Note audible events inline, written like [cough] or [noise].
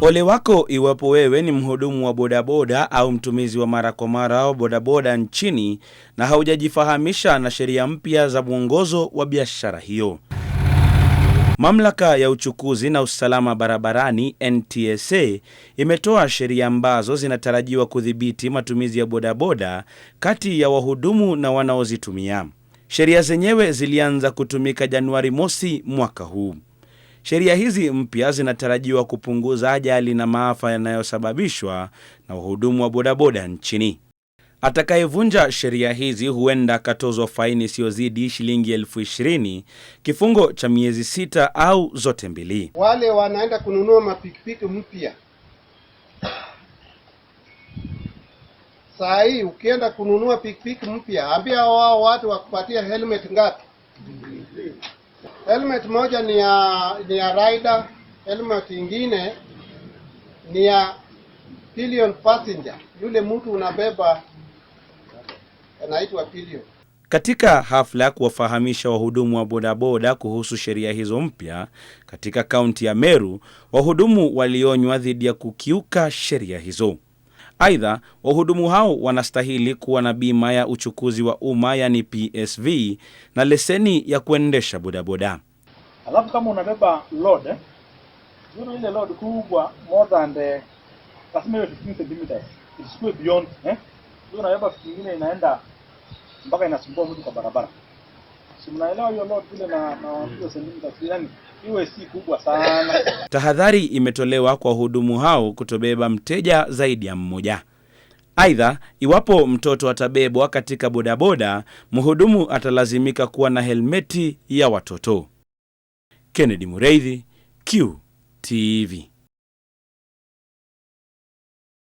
Ole wako iwapo wewe ni mhudumu wa bodaboda au mtumizi wa mara kwa mara au bodaboda nchini na haujajifahamisha na sheria mpya za mwongozo wa biashara hiyo. Mamlaka ya uchukuzi na usalama barabarani NTSA imetoa sheria ambazo zinatarajiwa kudhibiti matumizi ya bodaboda kati ya wahudumu na wanaozitumia. Sheria zenyewe zilianza kutumika Januari mosi mwaka huu. Sheria hizi mpya zinatarajiwa kupunguza ajali na maafa yanayosababishwa na uhudumu wa bodaboda nchini. Atakayevunja sheria hizi huenda akatozwa faini isiyozidi shilingi elfu ishirini, kifungo cha miezi sita au zote mbili. Wale wanaenda kununua mapikipiki mpya saa hii, ukienda kununua pikipiki mpya, ambia wao watu wakupatia helmet ngapi? helmet moja ni ya ni ya rider, helmet ingine ni ya pillion passenger, yule mtu unabeba anaitwa pillion. Katika hafla ya kuwafahamisha wahudumu wa bodaboda kuhusu sheria hizo mpya katika kaunti ya Meru, wahudumu walionywa dhidi ya kukiuka sheria hizo. Aidha, wahudumu hao wanastahili kuwa na bima ya uchukuzi wa umma yani PSV na leseni ya kuendesha bodaboda. Alafu kama unabeba load eh, ile load kubwa more than the lazima iwe 15 cm, isikuwe beyond eh, unabeba vitu ingine inaenda mpaka inasumbua mtu kwa barabara hiyo lot vile na iwe si kubwa sana. [laughs] Tahadhari imetolewa kwa wahudumu hao kutobeba mteja zaidi ya mmoja. Aidha, iwapo mtoto atabebwa katika bodaboda, mhudumu atalazimika kuwa na helmeti ya watoto. Kennedy Mureithi, QTV.